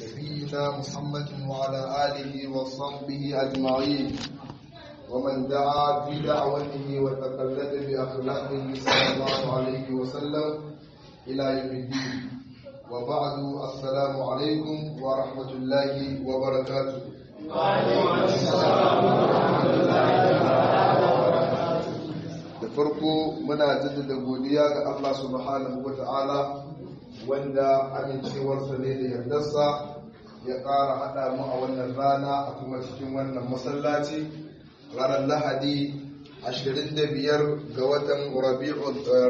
نبينا محمد وعلى آله وصحبه أجمعين ومن دعا بدعوته وتقلد بأخلاقه صلى الله عليه وسلم إلى يوم الدين وبعد السلام عليكم ورحمة الله وبركاته وعليكم السلام ورحمة الله وبركاته da farko muna jaddada godiya ga Allah subhanahu wa ta'ala wanda amincewarsa ne da yardarsa ya ƙara haɗa mu a wannan rana a kuma cikin wannan masallaci ranar lahadi 25 ga watan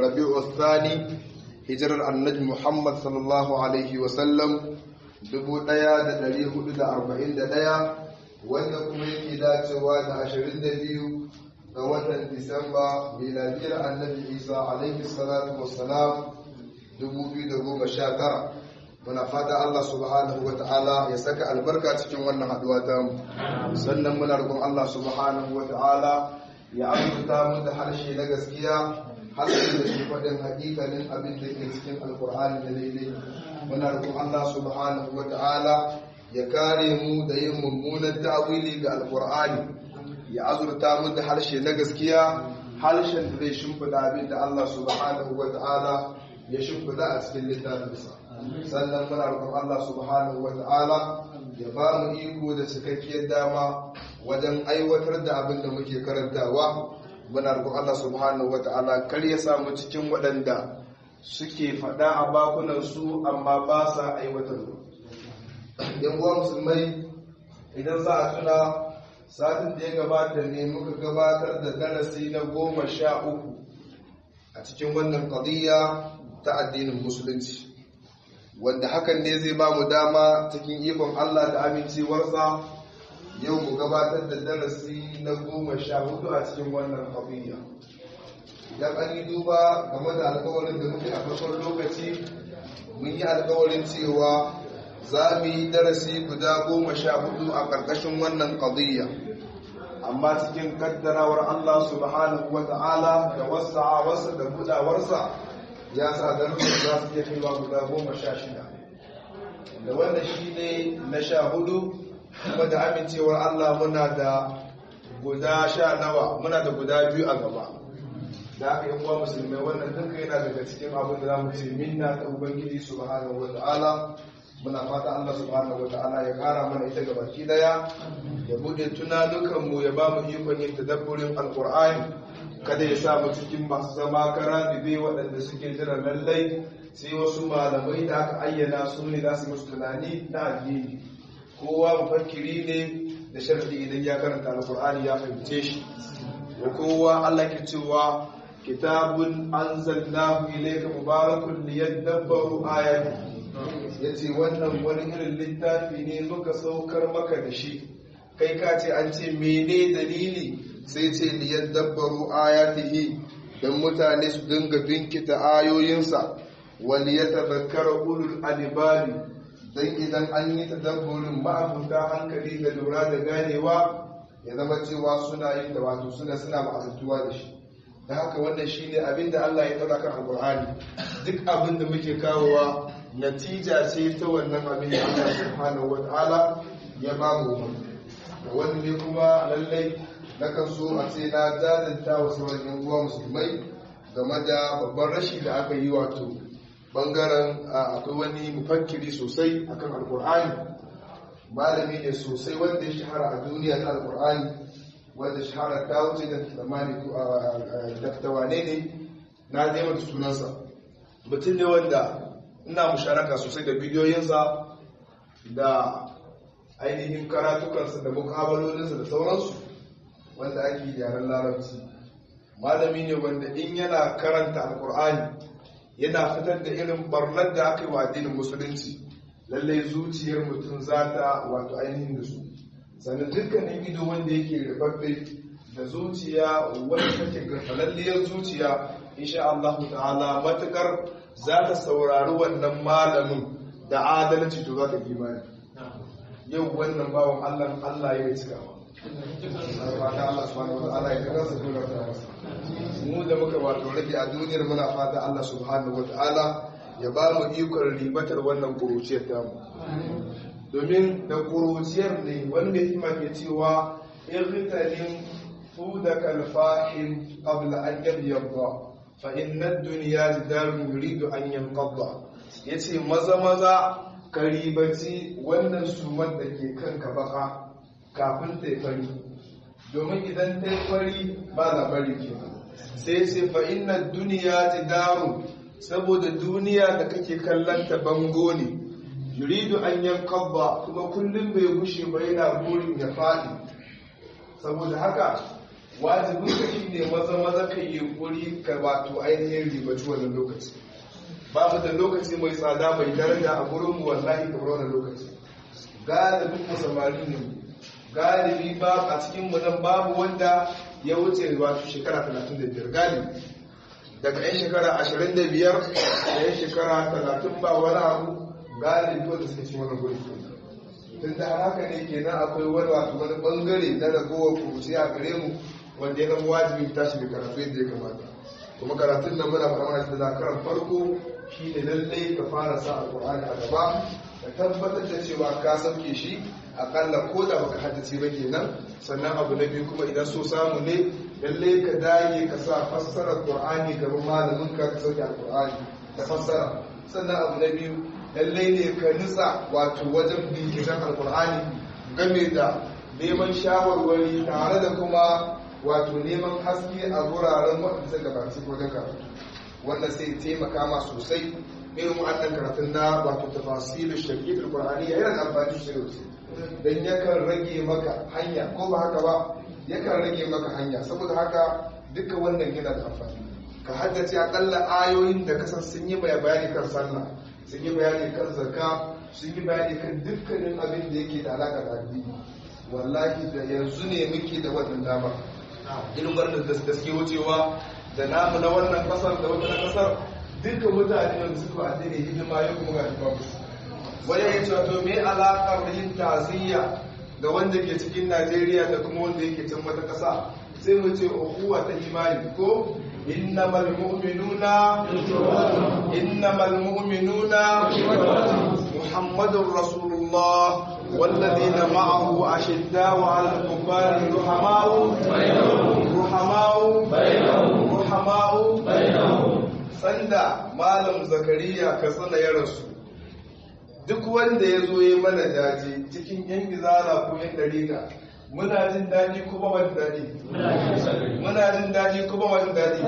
rabi'u sani hijirar annabi muhammad sallallahu alaihi wasallam 1441 wanda kuma yake dacewa da 22 ga watan disamba miladiyar annabi isa alaihi salatu wassalam 2019 muna fata Allah subhanahu wa ta'ala ya saka albarka cikin wannan haduwa ta mu sannan muna roƙon Allah subhanahu wa ta'ala ya amurta mu da harshe na gaskiya harshe da shi faɗin haƙiƙanin abin da ke cikin alkur'ani da daidai muna roƙon Allah subhanahu wa ta'ala ya kare mu da yin mummunan ta'wili da alkur'ani ya azurta mu da harshe na gaskiya harshen da zai shimfiɗa abin da Allah subhanahu wa ta'ala ya shimfiɗa a cikin littafinsa sannan muna roƙon Allah subhanahu wa ta'ala, ya ba mu iko da cikakkiyar dama wajen aiwatar da abin da muke karantawa muna roƙon Allah subhanahu wa ta'ala, kar ya mu cikin waɗanda suke faɗa a bakunan su amma ba sa aiwatarwa yan uwa musulmai idan za a tuna satin da ya gabata ne muka gabatar da darasi na goma sha uku a cikin wannan ƙadiyya ta addinin musulunci wanda hakan ne zai ba mu dama cikin ikon Allah da amincewarsa yau mu gabatar da darasi na goma sha hudu a cikin wannan kafiya idan an yi duba game da alkawarin da muke a farkon lokaci mun yi alkawarin cewa za mu yi darasi guda goma sha hudu a ƙarƙashin wannan kafiya amma cikin kaddarawar Allah subhanahu wa ta'ala da wasa'a wasa da gudawarsa ya sa da za su iya kaiwa guda goma sha shida da wanda shi ne na sha hudu kuma da amincewar allah muna da guda sha nawa muna da guda biyu a gaba da aka yi kuwa musulmai wannan duka yana daga cikin abin da za mu ce minna ta ubangiji hana wa ta'ala muna fata Allah su wa wata'ala ya kara mana ita gabaki daya ya bude tunanukanmu ya ba mu ikon yin tadabburin alkur'ani kada ya sa mu cikin masu zama karabibe waɗanda suke jira lallai sai wasu malamai da aka ayyana su ne za su musu tunani na addini kowa mafarkiri ne da sharadi idan ya karanta alkur'ani ya fahimce shi wa kowa Allah ke cewa kitabun anzalnahu ilayka mubarakun liyadabbaru Ya ce wannan wani irin littafi ne muka saukar maka da shi kai ka ce an ce mene dalili sai ce liyar dabbaru ayatihi don mutane su dinga binkita ayoyinsa wani ya tazakkara ulul alibari don idan an yi ta dabbarin ma'abuta hankali da lura da ganewa ya zama cewa suna yin da wato suna suna ma'azantuwa da shi da haka wannan shi ne abinda Allah ya ɗaura kan alƙur'ani duk abin da muke kawowa natija ce ta wannan abin da Allah subhanahu wa ta'ala ya ba mu wani ne kuma lallai na kan so a ce na jajanta wa sauran yan uwa musulmai game da babban rashi da aka yi wato bangaren akwai wani mufakkiri sosai akan alkur'ani malami ne sosai wanda ya shahara a duniya ta alkur'ani wanda shahara ta wuce da tsammani daftawane ne na nema da sunansa mutum ne wanda ina musharaka sosai da bidiyoyinsa da ainihin karatukansa da mukabalolinsa da sauransu wanda ake yaren larabci malami ne wanda in yana karanta alkur'ani yana fitar da irin barnar da aka yi wa addinin musulunci lallai zuciyar mutum za ta wato ainihin da su sannan dukkanin ido wanda yake rubabbe da zuciya wanda take gafalalliyar zuciya insha Allah ta'ala matukar za ta saurari wannan malamin da adalci to za ta imani yau wannan bawan Allah Allah ya yi cikawa fata Allah mu da muka wato rage a duniyar muna fata Allah subhanahu wa ta'ala ya ba mu ikon ribatar wannan kuruciyar tamu domin da kuruciyar ne wanda ya hikima ke cewa in ritalin su da kalfahin abla an yabyabba fa inna dunya jidarun yuridu an Ya yace maza maza ka ribaci wannan sumar da ke kanka baka kafin ta fari domin idan ta fari ba za fari ke sai sai fa inna duniya ta daru saboda duniya da kake kallon ta bango ne yuridu an kabba kuma kullum bai gushe ba yana burin ya faɗi saboda haka wajibin ka ne maza maza ka yi guri ka wato ainihin ribaci wannan lokaci Ba mu da lokaci mai tsada mai daraja a gurin mu wallahi kamar wannan lokaci da duk samari ne galibi ba a cikin nan babu wanda ya wuce wato shekara 35 galibi daga yan shekara 25 da yan shekara 30 ba wani abu galibi wanda suka ci wani guri tun da haka ne kenan akwai wani wato wani bangare na ragowar kuruci a gare mu wanda ya zama wajibi ta da karatu yadda ya kamata kuma karatun nan muna fara mana shi da karan farko shi ne lallai ka fara sa alqur'ani a gaba ka tabbatar da cewa ka sauke shi akalla ko da baka haddace ba kenan sannan abu na biyu kuma idan so samu ne lalle ka dage ka sa fassara qur'ani ga malamin ka ka sauke qur'ani ka fassara sannan abu na biyu lalle ne ka nutsa wato wajen binciken alqur'ani game da neman shawarwari tare da kuma wato neman haske a wuraren waɗanda suka gabaci wajen karatu wanda sai taimaka ma sosai irin wa'annan karatun na wato tafasirin shari'ar qur'ani yana amfani shi sosai don yakan rage maka hanya ko ba haka ba yakan rage maka hanya saboda haka duka wannan yana da amfani ka haddace akalla ayoyin da kasar sun yi mai bayani kan sallah sun yi bayani kan zakka sun yi bayani kan dukkanin abin da yake da alaka da addini wallahi da yanzu ne muke da wannan dama ilimar da gaske wucewa da namu na wannan kasar da wannan kasar duka mutane yanzu ba addini hidima yau kuma ga ba wani ya ce to me alaƙar yin ta'aziyya ga wanda ke cikin najeriya da kuma wanda yake can wata ƙasa sai mu ce uwa ta imani ko Inna mu'minuna innamal mu'minuna muhammadur rasulullah والذين معه أشداء على الكفار رحماء بينهم رحماء بينهم رحماء بينهم sanda malam zakariya katsina ya rasu duk wanda ya zo ya mana daji, cikin yan gizara ko yan dariƙa muna jin daji kuma wani daɗi muna jin daji kuma wani daɗi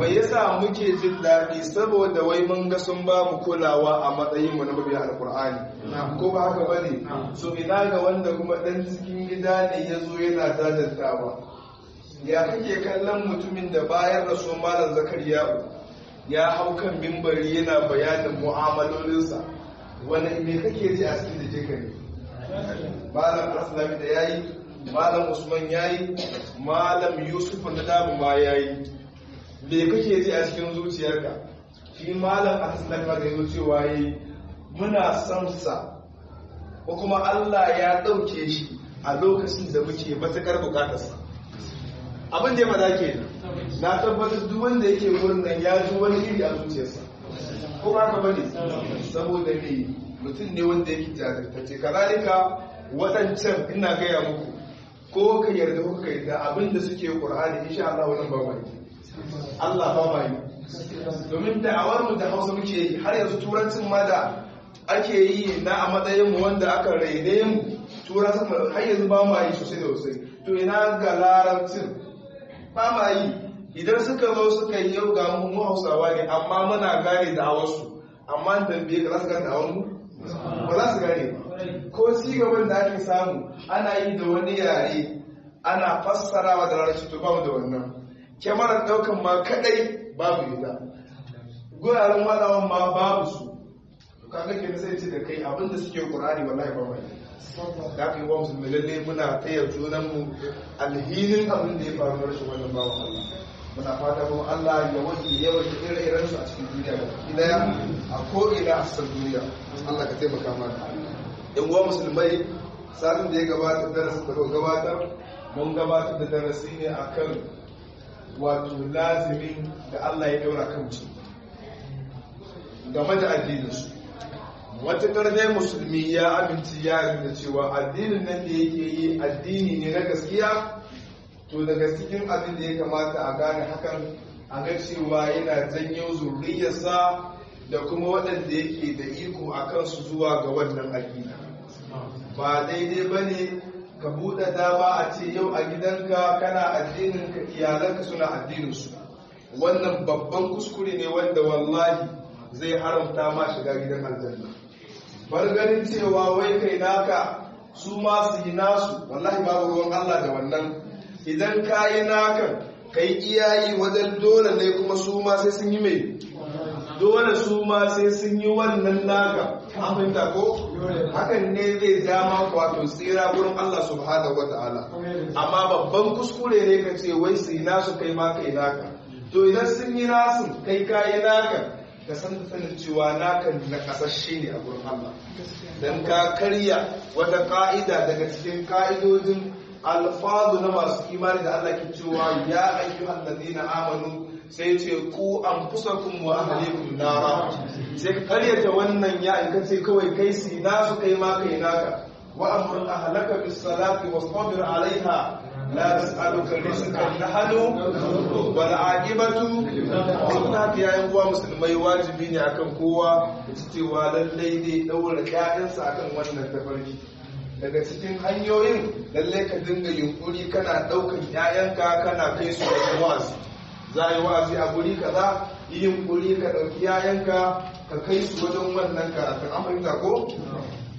bai yasa muke jin daɗi saboda wai mun ga sun ba mu kulawa a matsayin mu na mabiya alkur'ani ko ba haka bane so ina ga wanda kuma dan cikin gida ne ya zo yana ba ya kake kallon mutumin da bayan rasu malam Zakar ya hau kan bimbari yana bayanin mu'amalolinsa wani me kake ji a cikin ka ne malam aslami da yayi malam usman yayi malam yusuf da dabu ma yayi me kake ji a cikin zuciyarka shi malam aslami da yazo cewa yi muna son sa ko kuma Allah ya dauke shi a lokacin da muke matakar bukatarsa abin da ya faɗa ke na tabbatar duk wanda yake wurin nan ya ji wani iri a zuciyarsa ko ba ka bane saboda ne mutum ne wanda yake jajirtacce kazalika waɗancan ina gaya muku ko ka yarda ko ka yarda abinda suke qur'ani insha Allah wannan ba mai Allah ba mai domin awar mu da Hausa muke yi har yanzu turancin ma da ake yi na a matsayin mu wanda aka raine mu turancin har yanzu ba mu yi sosai da sosai to ina ga larabcin ba mu yi idan suka zo suka yi yau ga mu hausawa ne amma muna gane da wasu amma da biye ka za su gane da mu ba za su gane ko ci gaban da ake samu ana yi da wani yare ana fassarawa da larabci to mu da wannan kyamarar daukan ma kadai babu ita guraren wadawan ma babu su kaga ke sai ce da kai abinda suke qur'ani wallahi ba mai da kai wa musulmi lalle muna tayar junan mu alhinin abin da ya faru shi wannan bawan Allah muna fata kuma Allah ya wanke yawan ire-iren su a cikin duniya da daya a ko'ina a sassan duniya Allah ka taimaka mana yan uwa musulmai satin da ya gabata darasin da gabata mun gabatar da darasi ne akan wato lazimin da Allah ya daura kan mutum game da addininsu matuƙar dai musulmi ya aminci ya da cewa addinin nan da yake yi addini ne na gaskiya to daga cikin abin da ya kamata a gane hakan a ga cewa yana janyo zurriyarsa da kuma waɗanda yake da iko a kansu zuwa ga wannan aƙida ba daidai ba ne ka buɗe dama a ce yau a gidanka kana addinin ka iyalanka suna addininsu wannan babban kuskure ne wanda wallahi zai haramta ma shiga gidan aljanna bar ganin cewa wai kai naka su ma su yi nasu wallahi babu ruwan Allah da wannan idan ka yi naka ka yi iyayi wajen dole ne kuma su ma sai sun yi mai dole su ma sai sun yi wannan naka aminta ko hakan ne zai dama wato tsira gurin Allah subhanahu wata'ala amma babban kuskure ne ka ce wai su yi nasu kai ma kai naka to idan sun yi nasu kai ka yi naka ka san da sanin cewa naka na kasashe ne a gurin Allah dan ka karya wata ka'ida daga cikin ka'idojin alfazu na masu imani da Allah ke cewa ya ayyuhan ladina amanu sai ce ku an kusa kun a halikun nara sai ka karyata wannan ya aikace kawai kai si su kai ma kai naka wa amur a bis salati wa alaiha la tas'aluka rizqan nahnu wal aqibatu wannan ta yayin kowa musulmai wajibi ne akan kowa cewa lallai dai daura ƴaƴansa akan wannan tafarki daga cikin hanyoyin lalle ka dinga yunkuri kana ɗaukar 'ya'yanka kana kai su da wa'azi za a yi wa'azi a guri kaza yi yunkuri ka ɗauki 'ya'yanka ka kai su wajen wannan karatun amurka ko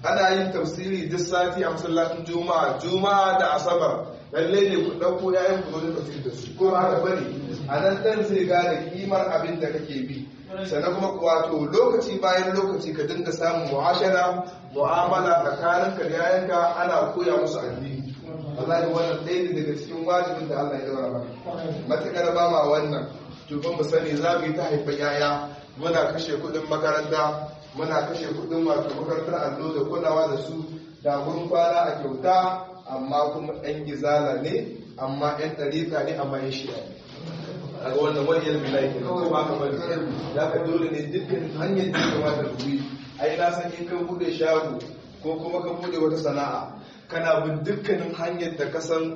ana yin tafsiri duk sati a masallacin juma'a juma'a da asabar lalle ne ku ɗauko 'ya'yanku wajen tafsiri da su ko ba haka bane a nan ɗan zai gane kimar abin da kake bi sannan kuma wato lokaci bayan lokaci ka dinga samun mu'ashara mu'amala tsakanin ka da yayanka ana koya musu addini wallahi wannan ɗaya ne daga cikin wajibin da Allah ya daura ba matakar ba ma wannan to ban mu sani za mu yi ta haifa yaya muna kashe kuɗin makaranta muna kashe kuɗin wato makarantar allo da kulawa da su da gurin kwana a kyauta amma kuma ɗan gizala ne amma ɗan ɗarika ne amma yan shi'a ne ga wannan wajen bilahi ke ko ba ka bari da ka dole ne dukkan hanyar da ya kamata ku bi ai na san in ka bude shago ko kuma ka bude wata sana'a kana bin dukkanin hanyar da ka san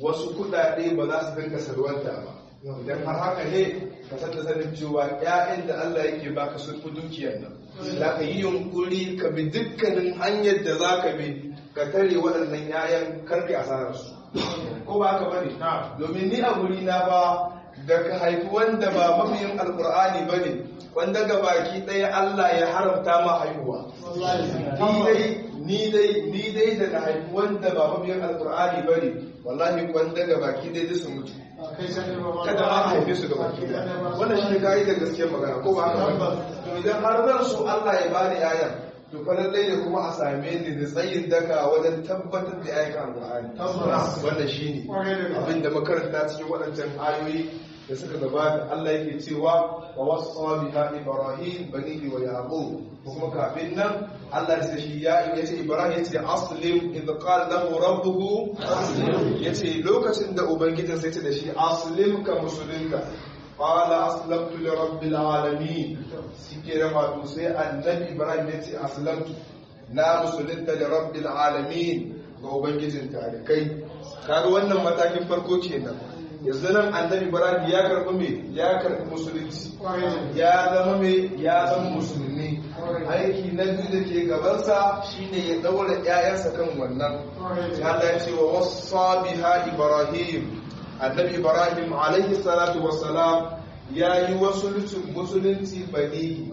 wasu kuɗaɗe ba za su dinka sarwanta ba idan har haka ne ka san da sanin cewa ƴaƴan da Allah yake baka sun fi dukiyar nan za ka yi yunkuri ka bi dukkanin hanyar da za ka bi ka tare waɗannan ƴaƴan karfi asararsu. ko ba ka bane domin ni a guri na ba da ka haifi wanda ba mafiyin alkur'ani ba ne wanda ga baki ɗaya Allah ya haramta ma haihuwa ni dai ni dai da na haifi wanda ba mafiyin alkur'ani ba ne wallahi wanda ga baki ɗaya da su mutu kada ma a haife su ga baki ɗaya wannan shi ne ka'idar gaskiyar magana ko ba ka ba idan har zan su Allah ya bani 'ya'yan to kwararre ne kuma a same ni da tsayin daka wajen tabbatar da ayyukan alƙur'ani wannan shine abin da makaranta cikin waɗancan ayoyi da suka gabata Allah yake cewa wa wasu biha ibrahim banihi wa yaqub kuma kafin nan Allah ya shi ya yace ibrahim yace aslim idh qala lahu rabbuhu aslim yace lokacin da ubangijin sai ce da shi aslim ka musulunka qala aslamtu li rabbil alamin sike rabatu sai annabi ibrahim ya ce aslamtu na musulunta ga ubangijin tarikai kaga wannan matakin farko kenan yanzu nan annabi ibrahim ya karbi me ya karbi musulunci ya zama me ya zama musulmi aiki na biyu da ke gabansa shine ya daura 'ya'yansa kan wannan ya ta ce wa wasa biha ibrahim annabi ibrahim alaihi salatu wassalam ya yi wasu musulunci bani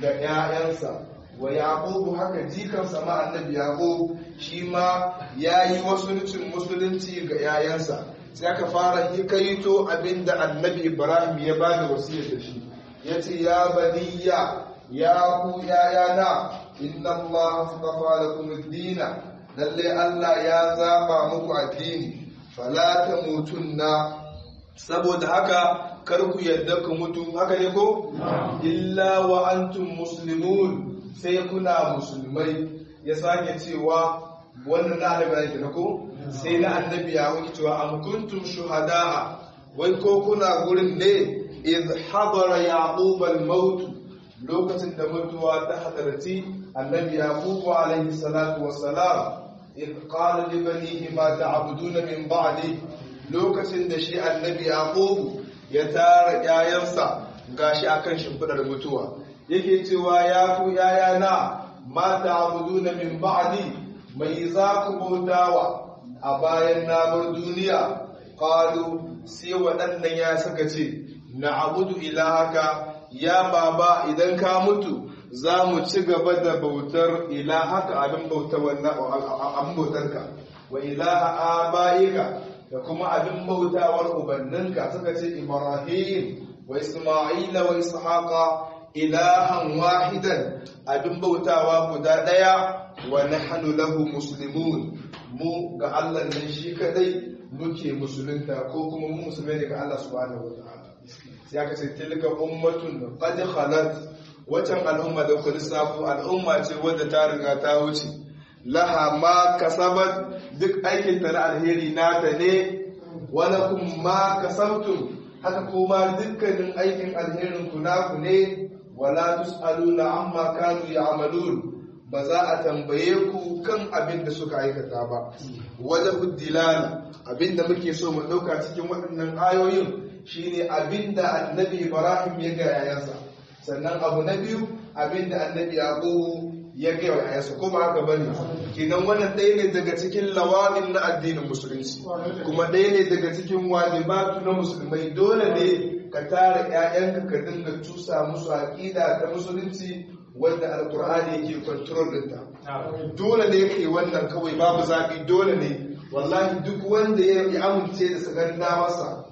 ga 'ya'yansa wa yaqubu haka jikansa ma annabi yaqub shi ma yayi wasuncin musulunci ga yayansa sai aka fara hikaito abinda annabi ibrahim ya bada wasiyar da shi yace ya baniya ya ku na inna allaha astafa lakum ad-din Lallai allah ya zaba muku addini falata na, saboda haka kar ku yarda ku mutu haka ne ko illa wa antum muslimun sai kuna musulmai ya sake cewa wannan na da ko sai na annabi ya wuce cewa am kuntum shuhada'a wai ko kuna gurin ne iz hadara yaqub al-maut lokacin da mutuwa ta hadarci annabi yaqub alaihi salatu wassalam إذ قال لبنيه ما تعبدون من بعدي lokacin da shi annabi yaqubu ya tara yayansa gashi akan shimfidar mutuwa yake cewa ya ku yayana ma ta'buduna na ba'di mai za ku bautawa a bayan nabar duniya qalu sai waɗannan ya saka ce na'budu ilahaka ya baba idan ka mutu za mu ci gaba da bautar ilahaka abin bautar wannan abin bautarka wa ilaha abaika da kuma abin bautawar ubanninka suka ce ibrahim wa isma'ila wa ishaqa ilahan wahidan abin bautawa guda daya wa nahnu lahu muslimun mu ga Allah ne shi kadai muke musulunta ko kuma mu musulmai ne ga Allah subhanahu wa ta'ala sai aka ce tilka ummatun qad khalat wacan al'umma da ku lissafo al'umma ce wadda ta riga ta wuce laha ma kasabat duk aikin ta na alheri nata ne wala kum ma haka kuma dukkanin aikin alherin ku naku ne wala tusaluna amma kanu ya'malun ba za a tambaye ku kan abin da suka aikata ba wala huddilal abin da muke so mu dauka cikin waɗannan ayoyin shine abin da annabi Ibrahim ya ga yayansa sannan abu na biyu abinda annabi yaqubu ya kai wa yayansa kuma haka bane kenan wannan ɗaya ne daga cikin lawamin na addinin musulunci kuma ɗaya ne daga cikin wajibatu na musulmai dole ne ka tara 'ya'yanka ka dinga cusa musu aƙida ta musulunci wanda alkur'ani yake control ɗinta dole ne kai wannan kawai babu zaɓi dole ne wallahi duk wanda ya amince da da masa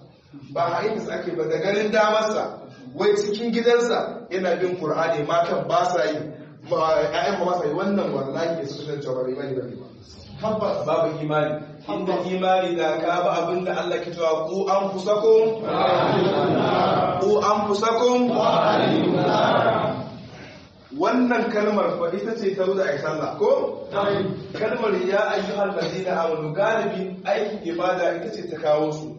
ba a yi ake ba da ganin damarsa wai cikin gidansa yana bin qur'ani matan ba sa yi ƴaƴan ba sa yi wannan wallahi ya sunan jawar imani bane ba tabbas babu imani inda imani da ka ba abin da Allah ke cewa ku an fusakum ku an fusakum wannan kalmar fa ita ce ta zo da ai sallah ko kalmar ya ayyuhal ladina amanu galibin aikin ibada ita ce ta kawo su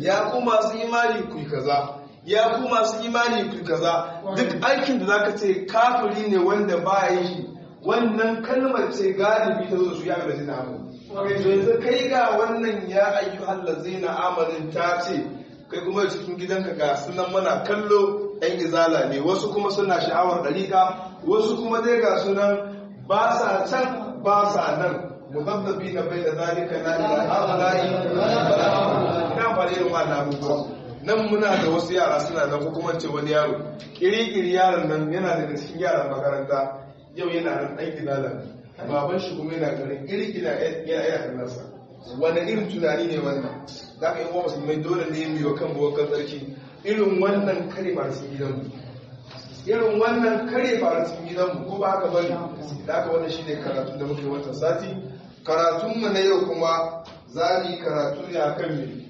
ya ku masu imani ku kaza ya ku masu imani ku kaza duk aikin da zaka ce kafiri ne wanda ba ya yi wannan kalmar ce galibi ta zo su ya gaji na mu yanzu kai ga wannan ya ayyuhal ladzina amanu ta ce kai kuma cikin gidanka ga sunan mana kallo yan izala ne wasu kuma suna sha'awar dariƙa wasu kuma dai ga sunan ba sa can ba sa nan muzabbabi na bai da zalika la ilaha illa na amfani da ilaha illa allah nan muna da wasu yara suna nan ko kuma ce wani yaro kirikiri yaron nan yana daga cikin yaran makaranta yau yana nan ɗan gidana baban shi kuma yana garin kirikiri yana yana hannarsa wani irin tunani ne wannan za ka yi wa mai dole ne mu kan buwakan tsarki irin wannan kare ba cikin gidanmu irin wannan kare ba cikin gidanmu ko ba ka bari da haka wannan shine karatu da muke wata sati Karatun mu na yau kuma za ni karatu ne akan mai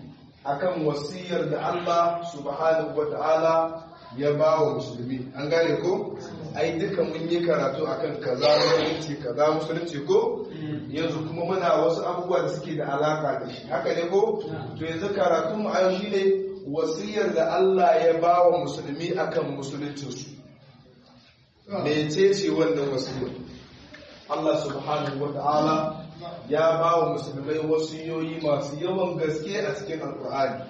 akan wasiyar da Allah subhanahu wata'ala ya ba wa musulmi an gane ko ai duka mun yi karatu akan kaza musulunci kaza musulunci ko yanzu kuma muna wasu abubuwa da suke da alaka da shi haka ne ko to yanzu karatu mu an shi ne wasiyar da Allah ya ba wa musulmi akan musuluncinsu mecece wannan wasiyar Allah subhanahu wata'ala ya ba wa musulmai yoyi masu yawan gaske a cikin alkur'ani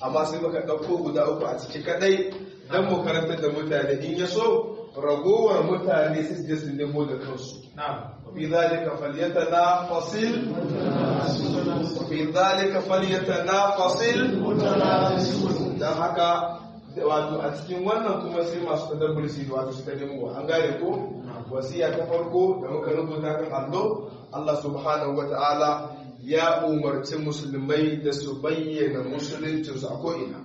amma sai baka ɗauko guda uku a ciki kaɗai don mu karanta da mutane in ya so ragowar mutane su je su nemo da kansu fi zalika falyata na fasil fi zalika falyata na fasil don haka wato a cikin wannan kuma sai masu tadabbur su wato su ta nemo an gane ko wasiya ta farko da muka rubuta kan allo Allah subhanahu wata'ala ya umarci musulmai da su bayyana su a ko'ina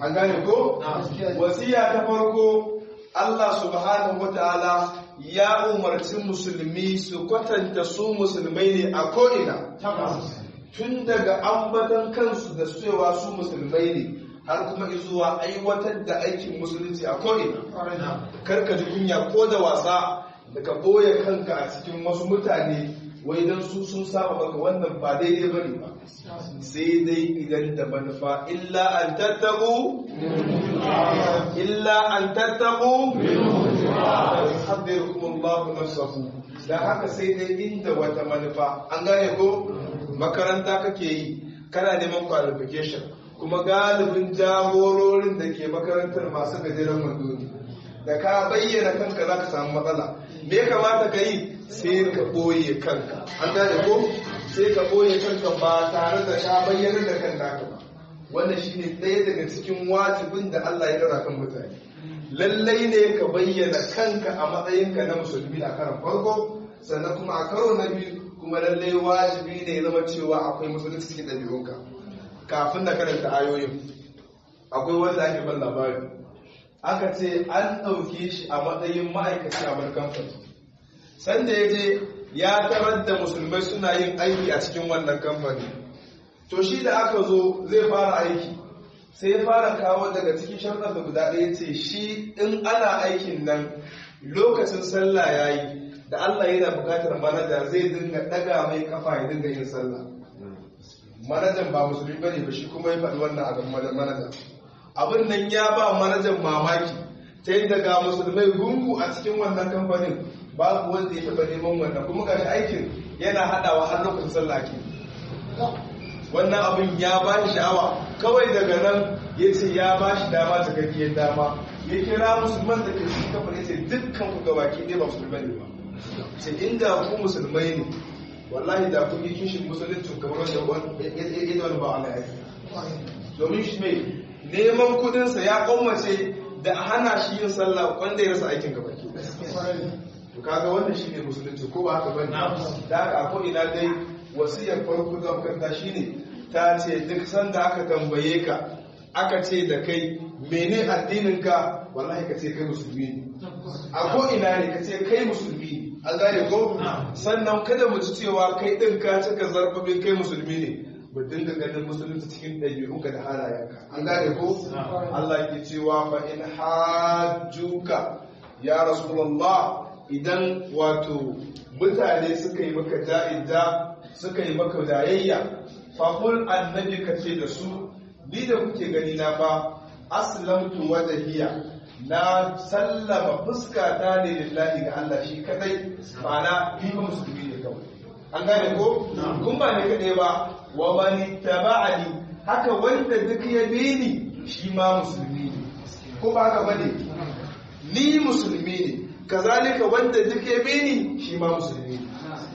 an gane ko wasiya ta farko Allah subhanahu wata'ala ya umarci musulmi su kwatanta su musulmai ne a ko'ina tun daga ambatan kansu da cewa su musulmai ne har kuma izuwa aiwatar da aikin musulunci a ko'ina karka ji kunya ko da wasa da ka boye kanka a cikin wasu mutane wai don su sun saba baka wannan ba daidai ba ne ba sai dai idan da manufa illa an tattabu illa an tattabu haɗe kuma sabu. da haka sai dai inda wata manufa an gane ko makaranta kake yi kana neman qualification kuma galibin jagororin da ke makarantar masu gajeren madoni da ka bayyana kanka za ka samu matsala me ya kamata ka yi sai ka ɓoye kanka an gane ko sai ka ɓoye kanka ba tare da ka bayyana da kan naka ba wannan shine ɗaya daga cikin wajibin da Allah ya dara kan mutane lallai ne ka bayyana kanka a matsayinka na musulmi a karan farko sannan kuma a karo na biyu kuma lallai wajibi ne ya zama cewa akwai musulunci cikin ɗabi'unka kafin na karanta ayoyin akwai wanda ake ban labari aka ce an ɗauke shi a matsayin ma'aikaci a kamfani sanda ya je ya tarar da musulmai suna yin aiki a cikin wannan kamfani to shi da aka zo zai fara aiki sai fara kawo daga cikin sharɗar da guda ɗaya ce shi in ana aikin nan lokacin sallah ya yi da Allah yana buƙatar manaja zai dinga ɗaga mai kafa ya dinga yin sallah manajan ba musulmi ba ne ba shi kuma ya faɗi wannan abin manajan abin nan ya ba manajan mamaki ta yadda ga musulmai gungu a cikin wannan kamfanin babu wanda ya taɓa neman wannan kuma ga aikin yana haɗawa har lokacin sallah ke wannan abin ya ba shi sha'awa kawai daga nan ya ce ya ba shi dama cikakkiyar dama ya kira musulman da ke cikin kafin ya ce dukkan ku gabaki ɗaya ba musulmai ne ba sai inda ku musulmai ne wallahi da kun yi kishin musulunci kamar wanda ya wani ba ala ya domin shi mai neman kudinsa ya kwamace da a hana shi yin sallah wanda ya rasa aikin gaba ke to kaga wannan shi ne musulunci ko ba haka bane da haka a ko'ina dai wasiyar farko zan kanta shi ne ta ce duk sanda aka tambaye ka aka ce da kai mene addinin ka wallahi ka ce kai musulmi ne a ko'ina ne ka ce kai musulmi ne an ko sannan kada mu ji cewa kai din ka cika zarfafin kai musulmi ne mu dinga ganin musulunci cikin ɗabi'unka da ka an gane ko Allah ke cewa fa in hajjuka ya rasulullah idan wato mutane suka yi maka da'idda suka yi maka dayayya kul annabi ka ce da su ni da kuke gani na ba aslamtu wajhiya na sallama fuska ta ne lillahi ga Allah shi kadai ma'ana ni ba musulmi ne kawai an gane ko kun ba ne kadai ba wa a ni? haka wanda duk ya bi ni shi ma musulmi ne ko ba haka bane ni musulmi ne kazalika wanda duk ya bi ni shi ma musulmi ne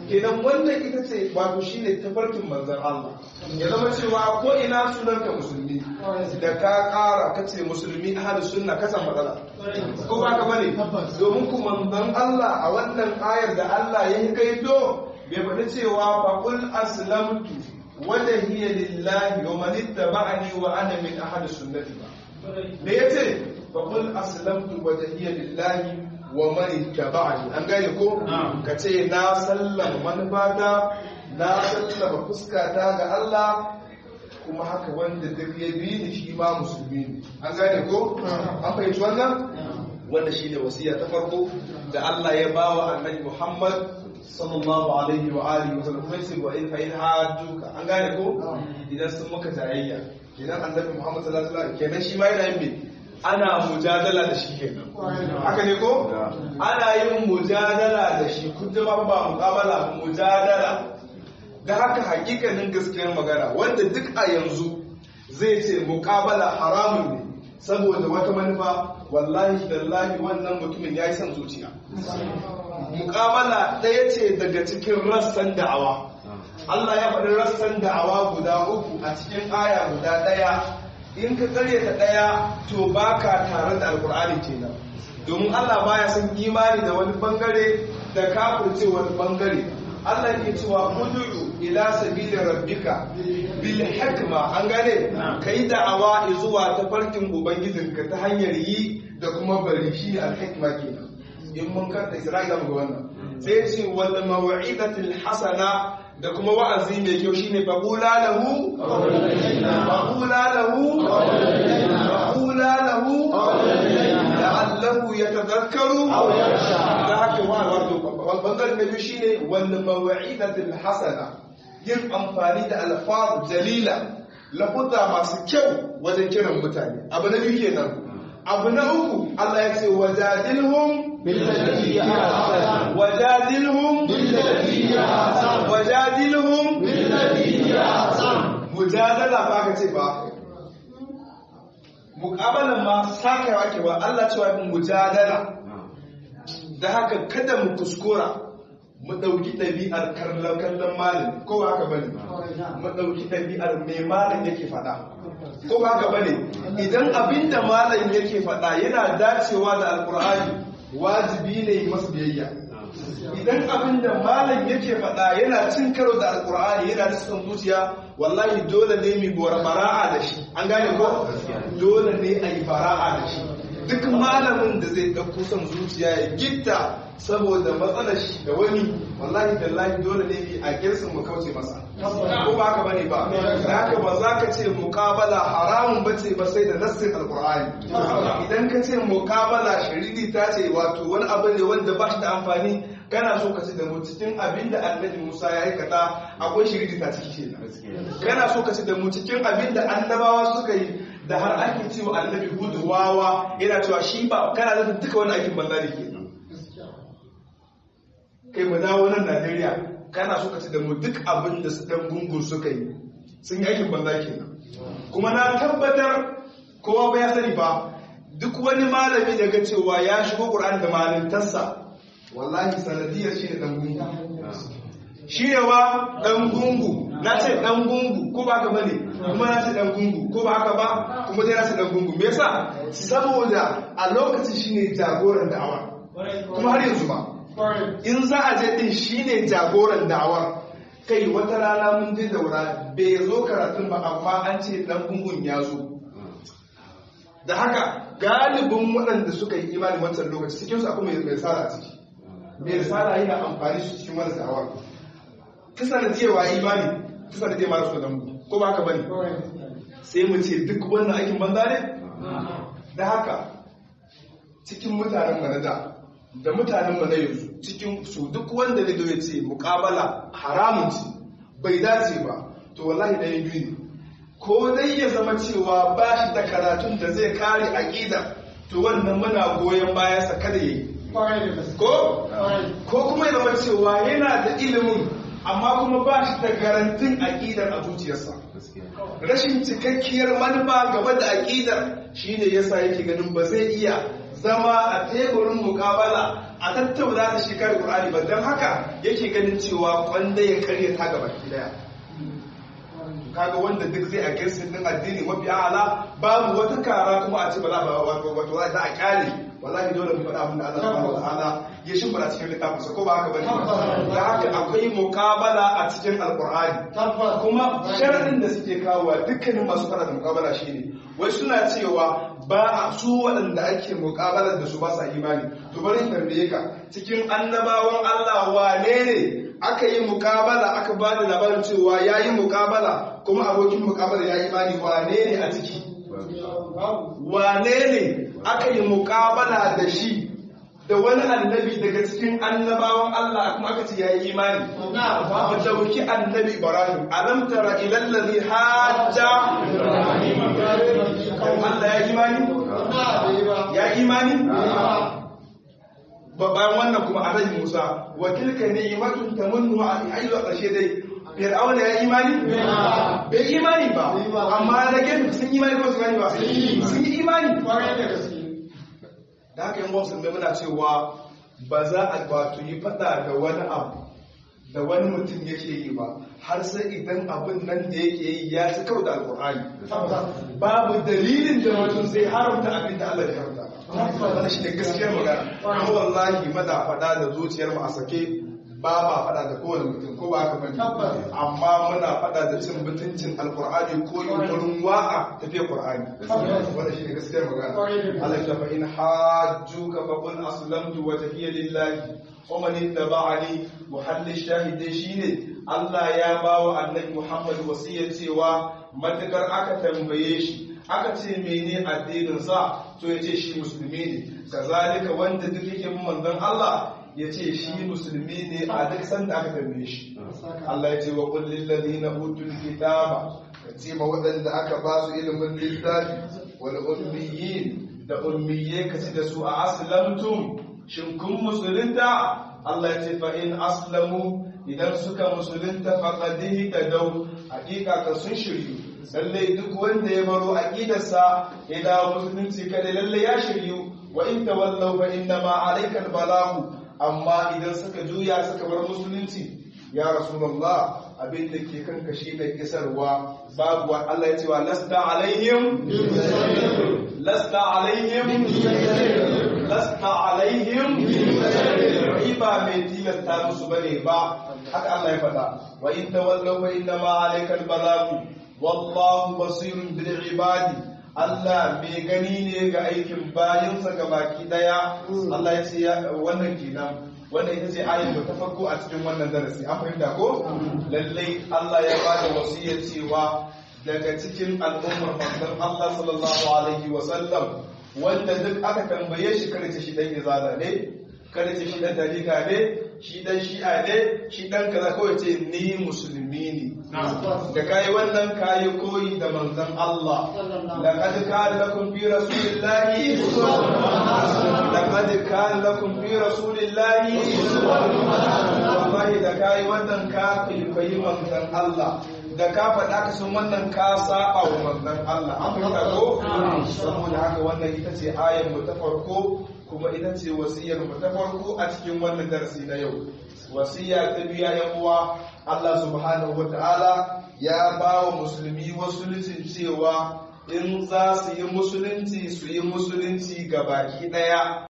kenan wannan ita ce wato shine tafarkin manzon Allah ya zama cewa ko ina sunan ka musulmi da ka kara ka ce musulmi ahli suna ka san matsala ko ba ka bane domin ku manzon Allah a wannan ayar da Allah ya to bai faɗi cewa ba qul aslamtu wajhiya lillahi wa man ittaba'ani wa ana min ahli sunnati ba da yace ba qul aslamtu wajhiya lillahi wa mani taba'ani an gane ko ka ce na sallama manufata na sallama fuskata ga Allah kuma haka wanda duk ya bi ni shi ma musulmi ne an gane ko an fahimci wannan wanda shi ne wasiya ta farko da Allah ya bawa annabi Muhammad sallallahu alaihi wa alihi wa sallam kuma yace wa in fa in hajjuka an gane ko idan sun muka tarayya idan annabi Muhammad sallallahu alaihi wa sallam kenan shi ma yana yin me ana mujadala da shi kenan haka ne ko ana yin mujadala da shi kullum ba mukabala mujadala da haka hakikanin gaskiyar magana wanda duk a yanzu zai ce mukabala haramun ne saboda wata manufa wallahi dallahi wannan mutumin ya yi son zuciya mukabala ɗaya ce daga cikin rassan da'awa ah. Allah ya faɗi rassan da'awa guda uku a cikin aya guda ɗaya in ka tsare ta daya to baka tare da alkur'ani kenan domin Allah baya son imani da wani bangare da kafirce wani bangare Allah ke cewa mudu ila sabilin rabbika bil hikma an gane kai da'awa zuwa ta farkin ubangijinka ta hanyar yi da kuma bari shi al hikma kenan in mun karta isra'ila ga wannan sai ce wal maw'idatil hasana da kuma wa'azi mai kyau shine faqula lahu faqula lahu faqula lahu la'allahu yatadhakkaru aw yakhsha da haka wato bangaren na biyu shine wal mawa'idatil hasana yin amfani da alfaz jalila lafuzza masu kyau wajen kiran mutane abu na biyu kenan abu na uku Allah ya ce wajadilhum بالتي هي أحسن وجادلهم بالتي هي أحسن وجادلهم بالتي هي أحسن مجادلة باكا تبا مقابلة ما ساكا واكي الله تبا مجادلة da haka kada mu kuskura mu ɗauki ɗabi'ar kallon malin ko ba haka bane mu ɗauki ɗabi'ar mai malin yake faɗa ko ba haka bane idan abinda malin yake faɗa yana dacewa da alkur'ani wajibi ne masu biyayya idan abin da malam yake faɗa yana cin karo da alkur'ani yana da zuciya wallahi dole ne mu bora bara'a da shi an gane ko dole ne a yi da shi duk malamin da zai ɗauko son zuciya ya gitta saboda matsalar shi da wani wallahi da lahi dole ne a girsin mu kauce masa ko ba ka bane ba haka ba za ka ce muqabala haramun ba ce ba sai da nassin alqur'ani idan ka ce muqabala sharidi ta ce wato wani abu ne wanda ba shi da amfani kana so ka ci da mu cikin abin da annabi Musa ya aikata akwai shiridi ta ciki kana so ka ci da mu cikin abin da annabawa suka yi da har ake cewa annabi hudu wawa yana cewa shi ba kana zata duka wani aikin banza da ke kai mu dawo nan Najeriya kana so ka ci da mu duk abin da su dan gungun suka yi sun yi aikin banza kenan kuma na tabbatar kowa ba ya sani ba duk wani malami da ga cewa ya shigo Qur'ani da malintarsa wallahi sanadiyar shi ne dan gungu shi ne wa dan gungu na ce dan gungu ko ba ka bane kuma na ce dan gungu ko ba haka ba kuma sai na ce dan gungu me yasa saboda a lokacin shine jagoran da'awa kuma har yanzu ba in za a je din ne jagoran da'awar kai wata rana mun je daura bai zo karatun ba amma an ce dan gungun ya zo da haka galibin waɗanda suka yi imanin wancan lokaci cikin su akwai mai sara a ciki mai sara yana amfani su cikin wani kisa da cewa imani da sanadiyewa su da ko ba ka bane sai mu ce duk wannan aikin banza ne da haka cikin mutanen manada da mutanen manayin cikin su duk wanda ne ya ce muƙabala haramun ce bai dace ba to wallahi ɗaya yi ne ko dai ya zama cewa ba shi da karatun da zai kare aƙida to wannan muna goyon sa kada ya yi ko ko kuma ya zama cewa yana da ilimin amma kuma ba shi da garantin aƙidar a zuciyarsa rashin cikakkiyar manufa gaba da aƙidar shine yasa yake ganin ba zai iya zama a teburin mukabala a tattauna da shi kare qur'ani ba dan haka yake ganin cewa kwanda ya karya ta gaba daya kaga wanda duk zai a kirsin din addini mafi ala babu wata kara kuma a ce ba za a wato za a kyale wallahi dole mu faɗa abin da Allah subhanahu wataala ya shimfara cikin littafin sa ko ba haka bane da haka akwai muqabala a cikin alqur'ani kuma sharadin da suke kawo dukkanin masu fara muqabala shine wai suna cewa ba a su waɗanda ake muƙabalar da su ba sa imani to bari tambaye ka cikin annabawan Allah wane ne aka yi muƙabala aka ba da labarin cewa ya yi muƙabala kuma abokin muƙabala ya imani wane ne a ciki wane ne aka yi muƙabala da shi da wani annabi daga cikin annabawan Allah kuma aka ce yayi imani mu dauki annabi Ibrahim alam tara ila allazi hajja Allah ya imani ya imani bayan wannan kuma annabi Musa wa tilka ni'matun tamannu ala ayyu qashe dai Fir'auna ya imani? Bai imani ba, amma da gefe sun imani ko su gani ba, sun yi imani. da haka yin wasu da muna cewa ba za a wato yi fada da wani abu da wani mutum yake yi ba har sai idan abin nan da yake yi ya ci karo da alkur'ani babu dalilin da mutum zai haramta abin da Allah ya haramta wannan shi ne gaskiyar magana wallahi mada fada da zuciyar mu a sake ba ma fada da kowane mutum ko ba haka bane amma muna faɗa da cin mutuncin alqur'ani ko yunkurin wa'a tafiya qur'ani wanda ne gaskiyar magana Allah ya fa in hajjuka fa qul aslamtu wajhiya lillahi wa man ittaba'ani muhalli shahidai shine Allah ya bawa annabi Muhammad iya cewa matakar aka tambaye shi aka ce mene addinin sa to yace shi musulmi ne kazalika wanda duk yake manzon Allah ya ce shi musulmi ne a duk sanda aka tambaye shi Allah ya ce wa qul lil ladina utul kitaba ka ce ma waɗanda aka ba su ilimin littafi wal ummiyin da ummiyye ka ce da su a aslamtum shin kun musulunta Allah ya ce fa in aslamu idan suka musulunta faqadihi tadaw hakika ka sun shiryu lallai duk wanda ya baro aqidarsa ya dawo musulunci kada lallai ya shiryu wa in tawallaw fa innama alayka albalaghu amma idan suka juya suka bar musulunci ya rasulullah abin da ke kanka shi ne isarwa babu wa Allah ya ce wa lasta alaihim lasta alaihim lasta alaihim riba mai tilasta musu bane ba haka Allah ya faɗa wa in tawallaw fa innama alayka albalaghu wallahu basirun bil ibadi Allah mai gani ne ga aikin bayansa ga baki daya hmm. Allah ya ce wannan kenan wannan ita ce ayin da ta farko a cikin wannan darasi an fahimta ko hmm. lallai Allah ya ba da wasiya cewa daga cikin al'ummar manzon Allah sallallahu alaihi wa sallam wanda duk aka tambaye shi kada shi dan izala ne kada shi dan tarika ne shi dan shi'a ne shi dan kaza kawai ce ni musulmi ne da kai wannan kayi koyi da manzon Allah laqad kana lakum fi rasulillahi laqad kana lakum fi rasulillahi wallahi da kai wannan ka koyi manzon Allah da ka faɗa ka san wannan ka saba wa manzon Allah an fahimta ko saboda haka wannan ita ce ayar mu ta farko kuma ita ce wasiyar mu ta farko a cikin wannan darasi na yau wasiya ta biya yan uwa Allah subhanahu wataala ya ba wa musulmi wasu cewa in za su yi musulunci su yi musulunci ga baki ɗaya